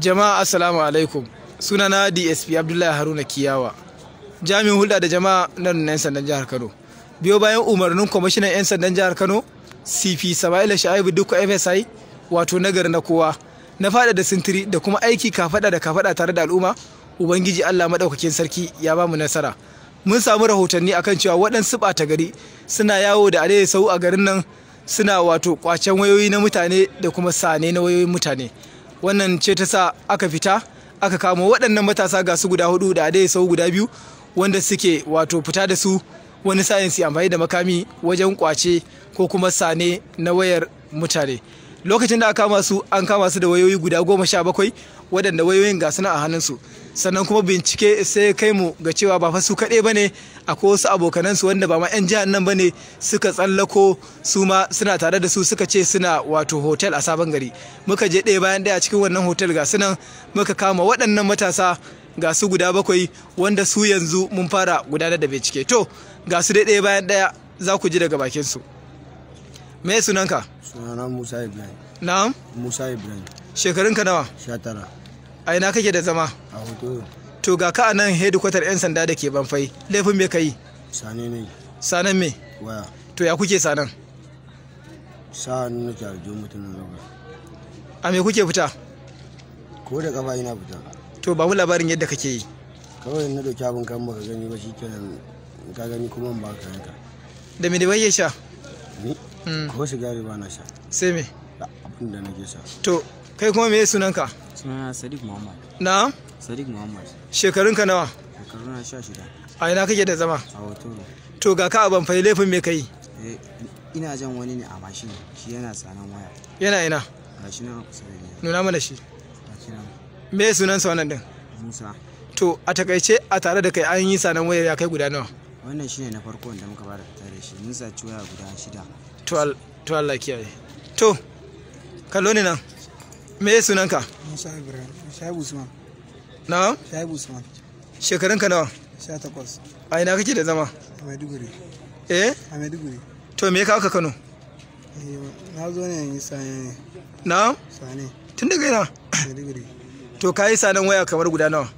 Jama'a assalamu alaikum. Sunana DSP Abdullahi Haruna Kiyawa. Jami'in hulɗa da jama'a na na 'yan sandan jihar Kano. Biyo bayan umarnin kwamishinan 'yan sandan jihar Kano, CP Sama'ila Sha'ibu duk FSI, wato nagari na kowa, na fada da sintiri da kuma aiki kafaɗa da kafada tare da al'umma, Ubangiji Allah maɗaukakin sarki ya bamu nasara. Mun samu rahotanni akan cewa waɗansu ɓata gari suna yawo da sau a garin nan suna wato kwacen wayoyi na mutane da kuma sane na wayoyin mutane. wannan ce ta sa aka fita aka kamo waɗannan matasa ga su guda hudu da dai sau guda biyu wanda suke wato fita da su wani sayin su amfani da makami wajen kwace ko kuma sane na wayar mutane lokacin da aka kama su an kama su da wayoyi guda goma sha bakwai waɗanda wayoyin ga suna a hannunsu sannan kuma bincike sai kai mu ga cewa ba fa su kaɗai ba ne akwai wasu abokanansu wanda ba ma 'yan jihar nan ba ne suka tsallako su ma suna tare da su suka ce suna wato hotel a sabon gari muka je ɗaya bayan ɗaya a cikin wannan hotel ga sunan muka kama waɗannan matasa ga su guda bakwai wanda su yanzu mun fara gudanar da bincike to ga su ɗaya bayan ɗaya za ku ji daga bakin su me sunanka sunana musa ibrahim na'am musa ibrahim shekarunka nawa 19 a ina kake da zama a hudu to ga ka anan nan hedikwatar 'yan sanda da ke banfai laifin me kai. yi sane ne sanan me waya to ya kuke sanan sa'an nuna kyarjo mutum na a me kuke fita ko da kafa ina fita to ba mu labarin yadda kake yi kawai na da abin kan baka gani ba shi kenan ka gani kuma ba ka yanka da me da bai sha ni mm. ko sigari ba na sha sai me abin da nake sha to kai kuma me sunanka sunana sadiq muhammad na sadiq muhammad shekarunka nawa shekarun na sha shida a ina kake da zama a ne to ga ka ban fai laifin me kai eh, ina jan wani ne a mashin shi yana tsanan waya yana ina a shi na kusa da ni nuna mana shi me sa wannan din musa to a takaice a tare da kai an yi sanan waya ya kai guda nawa wannan shine na farko wanda muka fara fita da shi mun ciwaya waya guda shida to Allah kiyaye to kallo ne nan me ya sunan ka? musa ibrahim shaibu usman Na? shaibu usman Shekarun ka nawa Sha takwas. a ina kake da zama a maiduguri eh a maiduguri to me ya kawo ka kano eh, na zo ne yin sane ne na'am sane tun daga ina maiduguri to ka yi sanan waya kamar guda nawa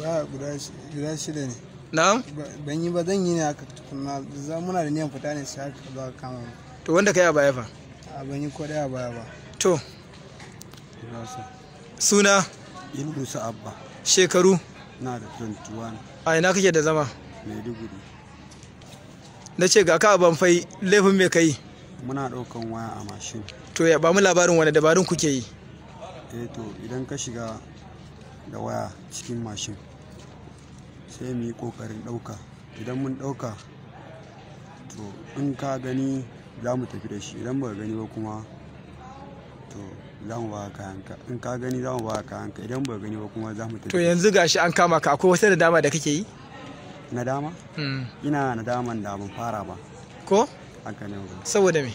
waya guda guda shida ne Na? ban yi ba zan yi ne haka tukunna za muna da niyan fita ne sai haka ba kama to wanda ka yi a baya fa a ban yi ko daya baya ba to suna ilmusa abba shekaru na da 21 a ina kake da zama maiduguri na ce ga ka ban laifin mai kai muna ɗaukan waya a mashin to ya ba labarin wani dabarun kuke yi eh to idan ka shiga da waya cikin mashin sai mu yi ƙoƙarin ɗauka idan mun ɗauka to in ka gani za mu tafi da shi idan ba gani ba kuma to za mu ba kayanka in ka gani za mu ba kayanka idan ba gani ba kuma za mu tafi to yanzu gashi an kama ka akwai wata nadama da kake yi nadama hmm. ina nadaman da ban fara ba ko haka ne saboda me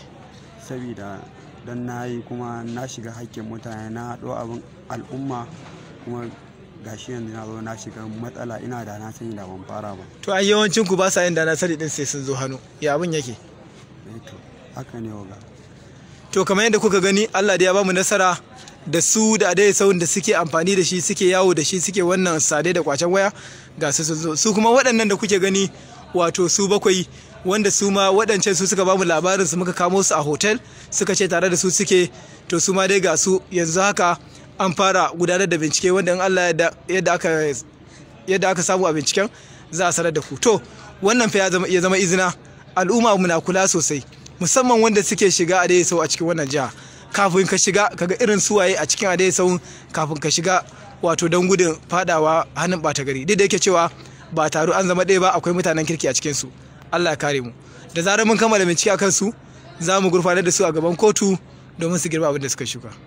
saboda don na yi kuma na shiga haƙƙin mutane na haɗo abin al'umma kuma gashi yanzu na zo na shiga matsala ina da na sani da ban fara ba to ai yawancin ku ba sa yin da na sani din sai sun zo hannu ya abin yake eh haka ne waga to kamar yadda kuka gani Allah da ya bamu nasara da su da adai saun da suke amfani da shi suke yawo da shi suke wannan sade da kwacen waya ga su sun zo su kuma waɗannan da kuke gani wato su bakwai wanda su ma waɗancan su suka bamu labarin su muka kamo su a hotel suka ce tare da su suke to su ma dai ga su yanzu haka an fara gudanar da bincike wanda in Allah yadda aka yadda aka samu a binciken za a sanar da ku to wannan fa ya zama izina al'umma mu na kula sosai musamman wanda suke shiga sau a cikin wannan jiha kafin ka shiga kaga irin suwaye a cikin sau kafin ka shiga wato don gudun fadawa hannun bata gari duk da yake cewa ba taro an zama ɗaya ba akwai mutanen kirki a cikin su Allah ya kare mu da zarar mun kammala bincike akan su za mu gurfanar da su a gaban kotu domin su girba abin da suka shuka